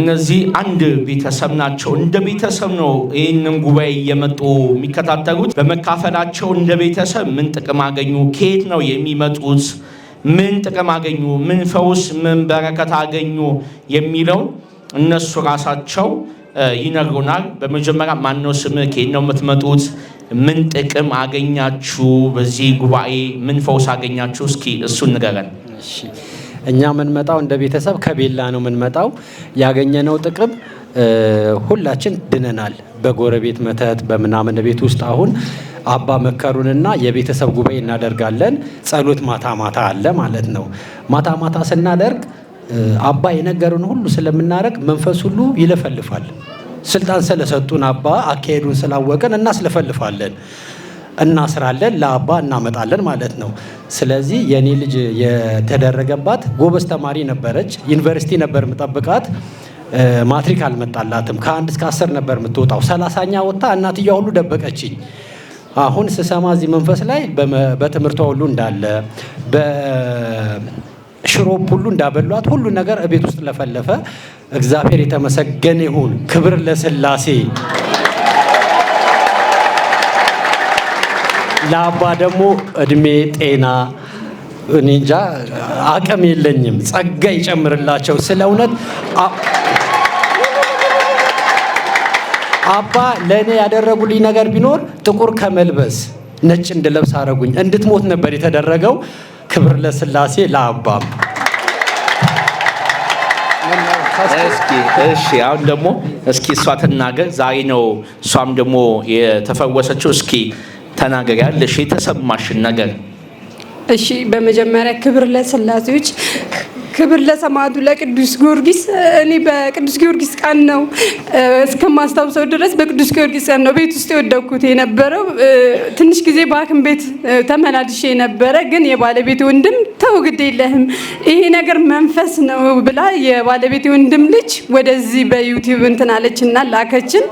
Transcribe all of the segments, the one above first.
እነዚህ አንድ ቤተሰብ ናቸው። እንደ ቤተሰብ ነው ይህንን ጉባኤ እየመጡ የሚከታተሉት። በመካፈላቸው እንደ ቤተሰብ ምን ጥቅም አገኙ? ከየት ነው የሚመጡት? ምን ጥቅም አገኙ? ምን ፈውስ፣ ምን በረከት አገኙ? የሚለውን እነሱ ራሳቸው ይነግሩናል። በመጀመሪያ ማነው ስም ከየት ነው የምትመጡት? ምን ጥቅም አገኛችሁ? በዚህ ጉባኤ ምን ፈውስ አገኛችሁ? እስኪ እሱ ንገረን። እኛ የምንመጣው እንደ ቤተሰብ ከቤላ ነው የምንመጣው። ያገኘነው ጥቅም ሁላችን ድነናል። በጎረቤት መተት በምናምን ቤት ውስጥ አሁን አባ መከሩንና የቤተሰብ ጉባኤ እናደርጋለን። ጸሎት ማታ ማታ አለ ማለት ነው። ማታ ማታ ስናደርግ አባ የነገሩን ሁሉ ስለምናደርግ መንፈስ ሁሉ ይለፈልፋል። ስልጣን ስለሰጡን አባ አካሄዱን ስላወቅን እናስለፈልፋለን። እናስራለን፣ ለአባ እናመጣለን ማለት ነው። ስለዚህ የኔ ልጅ የተደረገባት ጎበዝ ተማሪ ነበረች። ዩኒቨርሲቲ ነበር ምጠብቃት። ማትሪክ አልመጣላትም። ከአንድ እስከ አስር ነበር የምትወጣው። ሰላሳኛ ወጥታ እናትያ ሁሉ ደበቀችኝ። አሁን ስሰማ እዚህ መንፈስ ላይ በትምህርቷ ሁሉ እንዳለ በሽሮፕ ሁሉ እንዳበሏት ሁሉ ነገር እቤት ውስጥ ለፈለፈ። እግዚአብሔር የተመሰገነ ይሁን። ክብር ለስላሴ ለአባ ደግሞ እድሜ፣ ጤና እኔ እንጃ አቅም የለኝም፣ ጸጋ ይጨምርላቸው። ስለ እውነት አባ ለእኔ ያደረጉልኝ ነገር ቢኖር ጥቁር ከመልበስ ነጭ እንድለብስ አረጉኝ። እንድትሞት ነበር የተደረገው። ክብር ለስላሴ ለአባም። እሺ አሁን ደግሞ እስኪ እሷ ትናገር። ዛሬ ነው እሷም ደግሞ የተፈወሰችው። እስኪ ተናገሪያለሽ የተሰማሽን ነገር። እሺ፣ በመጀመሪያ ክብር ለስላሴዎች ክብር ለሰማዕቱ ለቅዱስ ጊዮርጊስ። እኔ በቅዱስ ጊዮርጊስ ቀን ነው እስከማስታውሰው ድረስ በቅዱስ ጊዮርጊስ ቀን ነው ቤት ውስጥ የወደኩት የነበረው። ትንሽ ጊዜ በሐኪም ቤት ተመላልሼ የነበረ ግን የባለቤት ወንድም ተው ግድ የለህም ይሄ ነገር መንፈስ ነው ብላ የባለቤት ወንድም ልጅ ወደዚህ በዩቲዩብ እንትን አለችና ላከችን።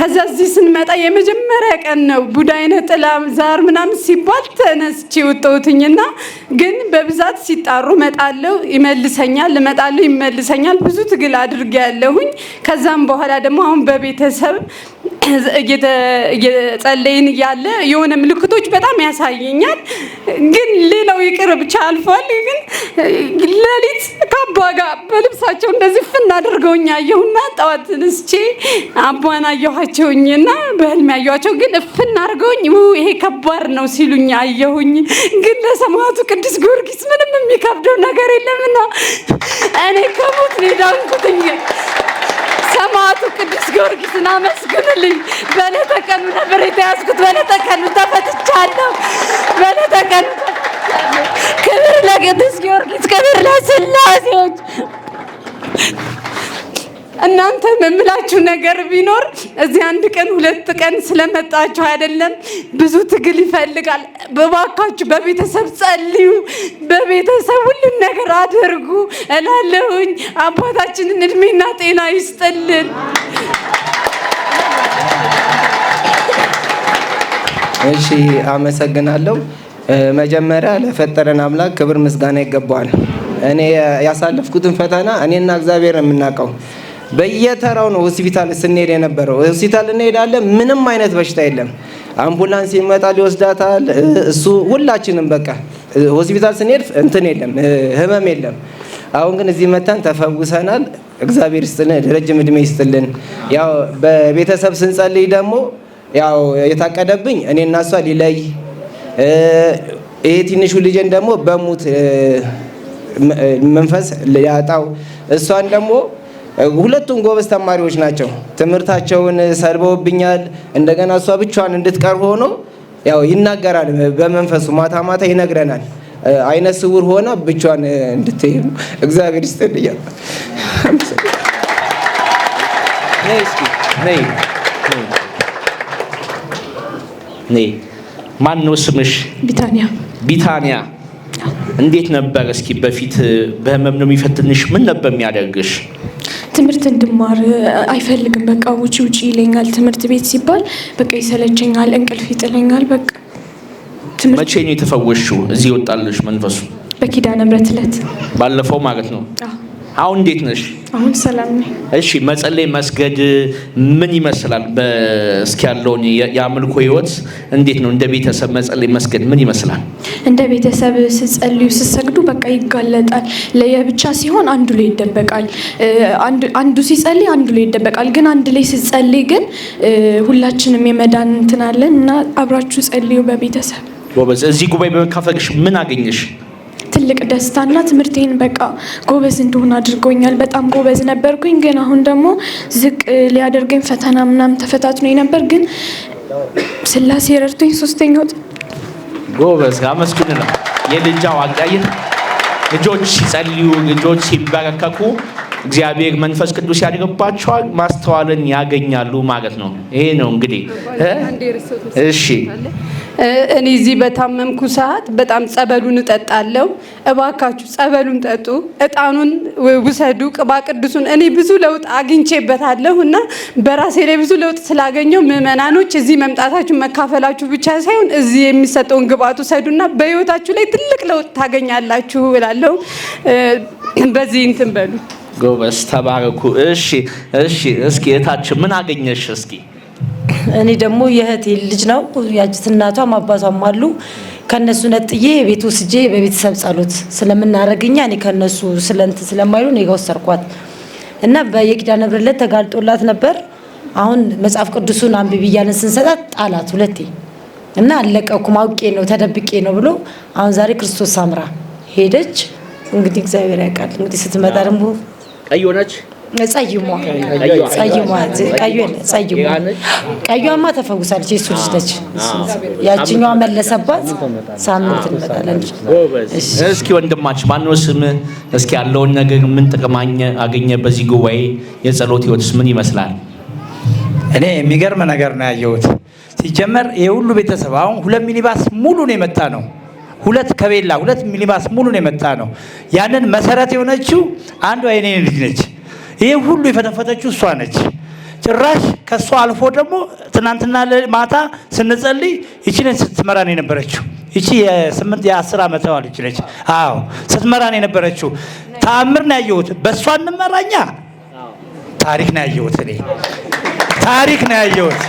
ከዛ እዚህ ስንመጣ የመጀመሪያ ቀን ነው ቡዳ አይነት ጥላ ዛር ምናምን ሲባል ተነስቼ ወጣሁትኝና ግን በብዛት ሲጣሩ መጣለው ይመል ይመልሰኛል፣ እመጣለሁ፣ ይመልሰኛል። ብዙ ትግል ያለሁኝ ከዛም በኋላ ደግሞ አሁን በቤተሰብ እየጸለይን እያለ የሆነ ምልክቶች በጣም ያሳየኛል። ግን ሌላው ይቅር ብቻ አልፏል። ግን ሌሊት ከአባ ጋር በልብሳቸው እንደዚህ ፍና አድርገውኝ አየሁና ጠዋት ንስቼ አቧን አየኋቸውኝና በህልም ያየኋቸው ግን ፍና አድርገውኝ ይሄ ከባድ ነው ሲሉኝ አየሁኝ። ግን ለሰማዕቱ ቅዱስ ጊዮርጊስ ምንም የሚከብደው ነገር የለምና እኔ ከሞት ነው ጊዮርጊስን አመስግኑልኝ። በዕለተ ቀኑ ነበር የተያዝኩት። በዕለተ ቀኑ ተፈትቻለሁ። በዕለተ ቀኑ ክብር ለቅዱስ ጊዮርጊስ፣ ክብር ለስላሴዎች። እናንተ የምላችሁ ነገር ቢኖር እዚህ አንድ ቀን ሁለት ቀን ስለመጣችሁ አይደለም። ብዙ ትግል ይፈልጋል። በባካችሁ በቤተሰብ ጸልዩ፣ በቤተሰብ ሁሉን ነገር አድርጉ እላለሁኝ። አባታችንን እድሜና ጤና ይስጥልን። እሺ አመሰግናለሁ። መጀመሪያ ለፈጠረን አምላክ ክብር ምስጋና ይገባዋል። እኔ ያሳለፍኩትን ፈተና እኔና እግዚአብሔር የምናውቀው በየተራው ነው። ሆስፒታል ስንሄድ የነበረው ሆስፒታል እንሄዳለን፣ ምንም አይነት በሽታ የለም። አምቡላንስ ይመጣል ይወስዳታል። እሱ ሁላችንም በቃ ሆስፒታል ስንሄድ እንትን የለም፣ ህመም የለም። አሁን ግን እዚህ መተን ተፈውሰናል። እግዚአብሔር ይስጥልን፣ ረጅም እድሜ ይስጥልን። ያው በቤተሰብ ስንጸልይ ደግሞ ያው የታቀደብኝ እኔ እና እሷ ሊለይ ይሄ ትንሹ ልጄን ደግሞ በሙት መንፈስ ያጣው እሷን ደግሞ ሁለቱም ጎበዝ ተማሪዎች ናቸው። ትምህርታቸውን ሰልበውብኛል። እንደገና እሷ ብቻዋን እንድትቀር ሆኖ ያው ይናገራል በመንፈሱ ማታ ማታ ይነግረናል። አይነ ስውር ሆና ብቻዋን እንድትሄድ እግዚአብሔር ይስጥልኛል። ነይ። ማን ነው ስምሽ? ቢታንያ። ቢታንያ እንዴት ነበር? እስኪ በፊት በህመም ነው የሚፈትንሽ? ምን ነበር የሚያደርግሽ? ትምህርት እንድማር አይፈልግም። በቃ ውጪ ውጪ ይለኛል። ትምህርት ቤት ሲባል በቃ ይሰለቸኛል፣ እንቅልፍ ይጥለኛል። በቃ መቼ ነው የተፈወሽው? እዚህ ወጣልሽ መንፈሱ? በኪዳነ ምሕረት ዕለት ባለፈው ማለት ነው። አሁን እንዴት ነሽ? አሁን ሰላም ነኝ። እሺ መጸለይ መስገድ ምን ይመስላል? እስኪ ያለውን የአምልኮ ህይወት እንዴት ነው? እንደ ቤተሰብ መጸለይ መስገድ ምን ይመስላል? እንደ ቤተሰብ ስጸልዩ ስሰግዱ በቃ ይጋለጣል። ለየብቻ ሲሆን አንዱ ላይ ይደበቃል። አንዱ ሲጸልይ አንዱ ላይ ይደበቃል። ግን አንድ ላይ ስጸልይ ግን ሁላችንም የመዳን እንትናለን እና አብራችሁ ጸልዩ በቤተሰብ ጎበዝ። እዚህ ጉባኤ በመካፈቅሽ ምን አገኘሽ? ትልቅ ደስታና ትምህርቴን በቃ ጎበዝ እንደሆን አድርጎኛል። በጣም ጎበዝ ነበርኩኝ፣ ግን አሁን ደግሞ ዝቅ ሊያደርገኝ ፈተና ምናምን ተፈታትኖ ነበር፣ ግን ስላሴ ረድቶኝ ሶስተኛ ወጥ ጎበዝ አመስግን ነው የልጃው ዋቅዳይን ልጆች ሲጸልዩ ልጆች ሲበረከኩ እግዚአብሔር መንፈስ ቅዱስ ያድርባቸዋል፣ ማስተዋልን ያገኛሉ ማለት ነው። ይሄ ነው እንግዲህ እሺ እኔ እዚህ በታመምኩ ሰዓት በጣም ጸበሉን እጠጣለሁ። እባካችሁ ጸበሉን ጠጡ፣ እጣኑን ውሰዱ፣ ቅባ ቅዱሱን። እኔ ብዙ ለውጥ አግኝቼበታለሁ እና በራሴ ላይ ብዙ ለውጥ ስላገኘው ምዕመናኖች እዚህ መምጣታችሁ መካፈላችሁ ብቻ ሳይሆን እዚህ የሚሰጠውን ግብአት ውሰዱና በህይወታችሁ ላይ ትልቅ ለውጥ ታገኛላችሁ እላለሁ። በዚህ እንትን በሉ። ጎበስ ተባረኩ። እሺ፣ እሺ። እስኪ እታችን ምን አገኘሽ እስኪ እኔ ደግሞ የእህቴ ልጅ ነው ያችት እናቷም አባቷም አሉ። ከነሱ ነጥዬ ቤት ውስጄ በቤተሰብ ጸሎት ስለምናደርግኛ እኔ ከነሱ ስለንት ስለማይሉ እኔ ጋር ወሰድኳት እና በየኪዳነ ምሕረት ተጋልጦላት ነበር። አሁን መጽሐፍ ቅዱሱን አንብብ እያለን ስንሰጣት ጣላት ሁለቴ እና አለቀኩም አውቄ ነው ተደብቄ ነው ብሎ አሁን ዛሬ ክርስቶስ አምራ ሄደች። እንግዲህ እግዚአብሔር ያውቃል። እንግዲህ ስትመጣ ደግሞ ቀይ ሆነች። ጸይሟ ቀዩማ ተፈውሳለች። የሱ ልጅ ነች። ያችኛዋ መለሰባት። ሳምንት እንመጣለች። እስኪ ወንድማችን ማነው ስም? እስኪ ያለውን ነገር ምን ጥቅም አገኘ? በዚህ ጉባኤ የጸሎት ህይወትስ ምን ይመስላል? እኔ የሚገርም ነገር ነው ያየሁት። ሲጀመር የሁሉ ቤተሰብ አሁን ሁለት ሚኒባስ ሙሉ ነው የመታ ነው ሁለት ከቤላ ሁለት ሚኒባስ ሙሉ ነው የመታ ነው። ያንን መሰረት የሆነችው አንዷ የኔ ልጅ ነች ይህ ሁሉ የፈተፈተችው እሷ ነች። ጭራሽ ከእሷ አልፎ ደግሞ ትናንትና ማታ ስንጸልይ ነች ስትመራን የነበረችው ይቺ የስምንት የአስር ዓመት ልጅ ነች። አዎ ስትመራን የነበረችው ተአምር ነው ያየሁት። በእሷ እንመራኛ ታሪክ ነው ያየሁት። እኔ ታሪክ ነው ያየሁት።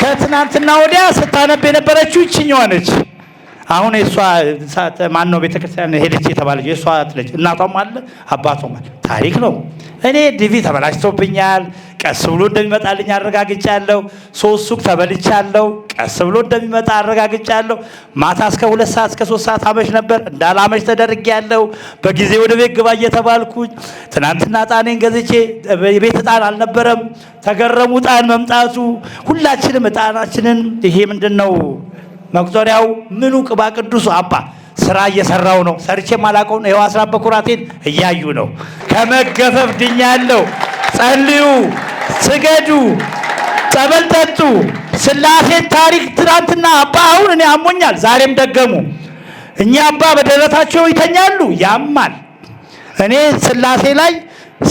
ከትናንትና ወዲያ ስታነብ የነበረችው ይችኛዋ ነች። አሁን የእሷ ማን ነው ቤተክርስቲያን ሄደች የተባለች የእሷ ልጅ እናቷም አለ አባቷም አለ። ታሪክ ነው። እኔ ዲቪ ተበላሽቶብኛል፣ ቀስ ብሎ እንደሚመጣልኝ አረጋግጫለሁ። ሶስት ሱቅ ተበልቻለሁ፣ ቀስ ብሎ እንደሚመጣ አረጋግጫለሁ። ማታ እስከ ሁለት ሰዓት እስከ ሶስት ሰዓት አመሽ ነበር፣ እንዳላመሽ ተደርጌያለሁ። በጊዜ ወደ ቤት ግባ እየተባልኩ ትናንትና ጣኔን ገዝቼ ቤት እጣን አልነበረም፣ ተገረሙ እጣን መምጣቱ። ሁላችንም እጣናችንን ይሄ ምንድን ነው መቁጠሪያው ምኑ ቅባ ቅዱሱ አባ ስራ እየሰራው ነው። ሰርቼ ማላቀውን ይኸው አስራ በኩራቴን እያዩ ነው። ከመገፈፍ ድኛለሁ። ጸልዩ፣ ስገዱ፣ ጸበል ጠጡ። ስላሴን ታሪክ ትናንትና አባ አሁን እኔ አሞኛል፣ ዛሬም ደገሙ። እኛ አባ በደረታቸው ይተኛሉ፣ ያማል። እኔ ስላሴ ላይ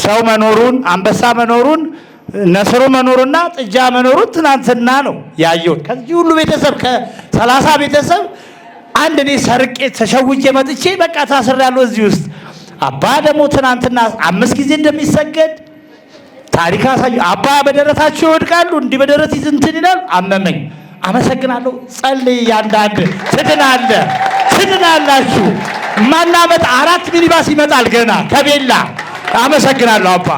ሰው መኖሩን አንበሳ መኖሩን ነስሩ መኖሩና ጥጃ መኖሩን ትናንትና ነው ያየሁት። ከዚህ ሁሉ ቤተሰብ ሰላሳ ቤተሰብ አንድ እኔ ሰርቄ ተሸውጄ መጥቼ በቃ ታስር ያለው እዚህ ውስጥ። አባ ደግሞ ትናንትና አምስት ጊዜ እንደሚሰገድ ታሪክ አሳዩ። አባ በደረታቸው ይወድቃሉ፣ እንዲህ በደረት ይዝንትን ይላል። አመመኝ። አመሰግናለሁ። ጸልይ። አንዳንድ ትድናለ ትድናላችሁ። ማናመጥ አራት ሚኒባስ ይመጣል ገና ከቤላ። አመሰግናለሁ አባ፣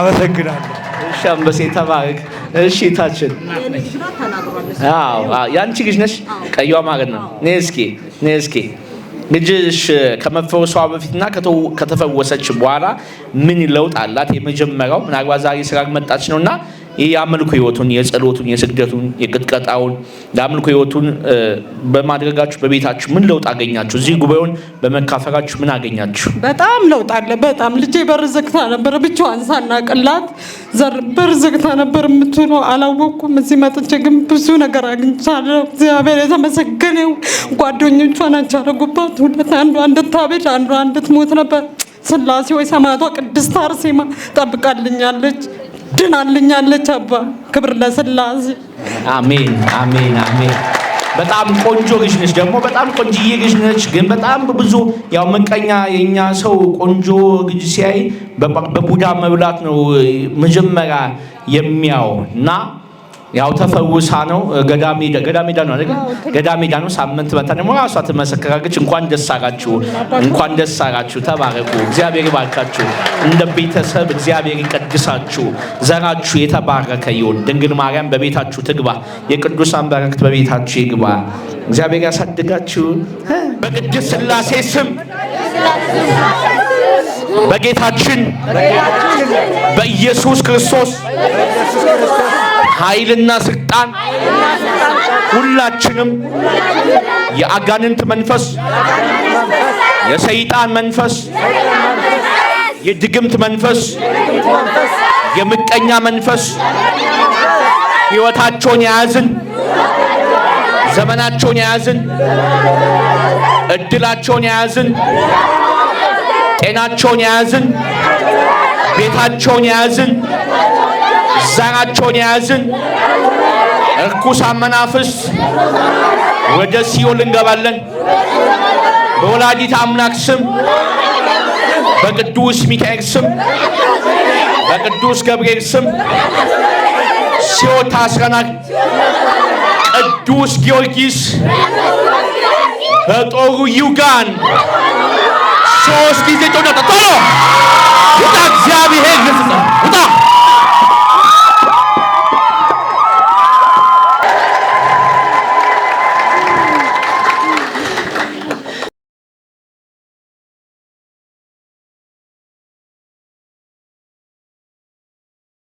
አመሰግናለሁ። እሺ አንበሴ ተባረክ። እሺ ታችን ያንቺ ልጅ ነሽ? ቀዩ ማለት ነው። እስኪ እስኪ ልጅሽ ከመፈወሷ በፊትና ከተፈወሰች በኋላ ምን ለውጥ አላት? የመጀመሪያው ምናልባት ዛሬ ስራ መጣች ነው እና ይህ የአምልኮ ህይወቱን የጸሎቱን፣ የስግደቱን፣ የቅጥቀጣውን የአምልኮ ህይወቱን በማድረጋችሁ በቤታችሁ ምን ለውጥ አገኛችሁ? እዚህ ጉባኤውን በመካፈላችሁ ምን አገኛችሁ? በጣም ለውጥ አለ። በጣም ልጄ በር ዘግታ ነበር፣ ብቻዋን ሳናቅላት በር ዘግታ ነበር የምትውለው። አላወቅኩም። እዚህ መጥቼ ግን ብዙ ነገር አግኝቻለሁ። እግዚአብሔር የተመሰገነው። ጓደኞቿን አቻረጉባት። ሁለት አንዷ እንድታበድ አንዷ እንድትሞት ነበር። ስላሴ ወይ ሰማዕቷ ቅድስት አርሴማ ጠብቃልኛለች። ድናልኛለች። አባ ክብር ለስላሴ። አሜን አሜን አሜን። በጣም ቆንጆ ልጅ ነች። ደግሞ በጣም ቆንጅዬ ልጅ ነች። ግን በጣም ብዙ ያው ምቀኛ የኛ ሰው ቆንጆ ልጅ ሲያይ በቡዳ መብላት ነው መጀመሪያ የሚያው እና ያው ተፈውሳ ነው። ገዳሜ ገዳሜ ዳ ነው አይደል? ገዳሜ ዳ ነው። ሳምንት መታ ደግሞ ራሷ ትመሰከራለች። እንኳን ደስ አላችሁ፣ እንኳን ደስ አላችሁ። ተባረኩ። እግዚአብሔር ይባርካችሁ። እንደ ቤተሰብ እግዚአብሔር ይቀድሳችሁ። ዘራችሁ የተባረከ ይሁን። ድንግል ማርያም በቤታችሁ ትግባ። የቅዱሳን በረከት በቤታችሁ ይግባ። እግዚአብሔር ያሳድጋችሁ በቅድስት ስላሴ ስም በጌታችን በኢየሱስ ክርስቶስ ኃይልና ስልጣን ሁላችንም የአጋንንት መንፈስ፣ የሰይጣን መንፈስ፣ የድግምት መንፈስ፣ የምቀኛ መንፈስ ሕይወታቸውን የያዝን ዘመናቸውን የያዝን እድላቸውን የያዝን ጤናቸውን የያዝን ቤታቸውን የያዝን ዛናቸውን የያዝን እርኩስ አመናፍስት ወደ ሲኦል እንገባለን። በወላዲት አምላክ ስም፣ በቅዱስ ሚካኤል ስም፣ በቅዱስ ገብርኤል ስም ሲኦል ታስረናል። ቅዱስ ጊዮርጊስ በጦሩ ዩጋን ሶስት ጊዜ ጦር ጣጣ ጣጣ እግዚአብሔር ይፍጸም።